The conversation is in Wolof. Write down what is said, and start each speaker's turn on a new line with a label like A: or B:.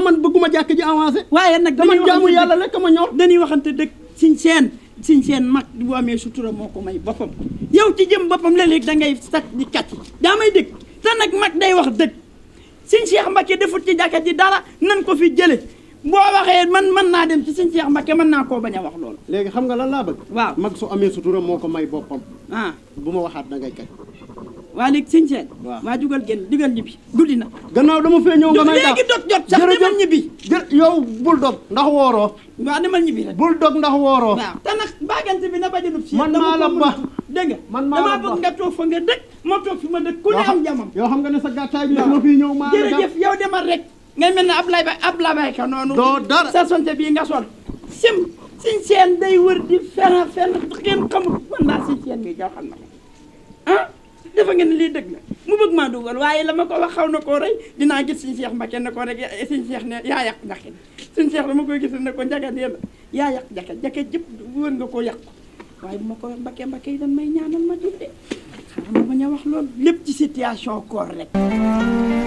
A: pourtant ah, bëgguma jàkk ji avancé waaye nag dama jaamu yàlla lekk ma ñor dañuy waxante dëgg siñ seen siñ seen mag bu amee sutura moo ko may boppam yow ci jëm boppam léeg léegi da ngay sat di kat yi daa may dëgg te nag mag day wax dëgg siñ Cheikh Mbacké defut ci jàkka ji dara nan ko fi jële boo waxee man mën naa dem ci siñ Cheikh Mbacké mën naa koo bañ a wax loolu léegi xam nga lan laa bëgg waaw mag su amee sutura moo ko may boppam ah bu ma waxaat da ngay waa léegi sëñ seen waa jugal génn digal ñibbi guddi na gannaaw dama fee ñëw nga may léegi dog jot sax demal ñibbi yow bul dog ndax wooroo waaw demal ñibbi rek bul ndax wooroo waaw te nag baagante bi na bañ a dugg si man la ba dégg nga man maa la ba damaa bëgg nga toog fa nga dëkk ma toog fi ma dëkk ku ne am jamam yoo xam nga ne sa gàttaay bi ma fii ñëw maa la jërëjëf yow demal rek ngay mel ne Ablaye Ba Ablaye Ba ka noonu doo dara sa sonte bii nga sol sim siñ seen day wër di fenn fenn kenn xamul man naa siñ seen mi jow xam na ah dafa ngeen ne lii dëgg la mu bëgg maa dugal waaye la ma ko wax xaw na koo rey dinaa gis suñu seex Mbacke na ko rek suñu seex ne yaa yàq jaket suñu seex la ma koy gis ne ko njaga nee la yaa yàq jaket jaket wër nga koo yàq waaye bu ma ko Mbacke Mbacke yi dañ may ñaanal ma dundee xaaral ma bañ a wax loolu lépp ci situation koor rek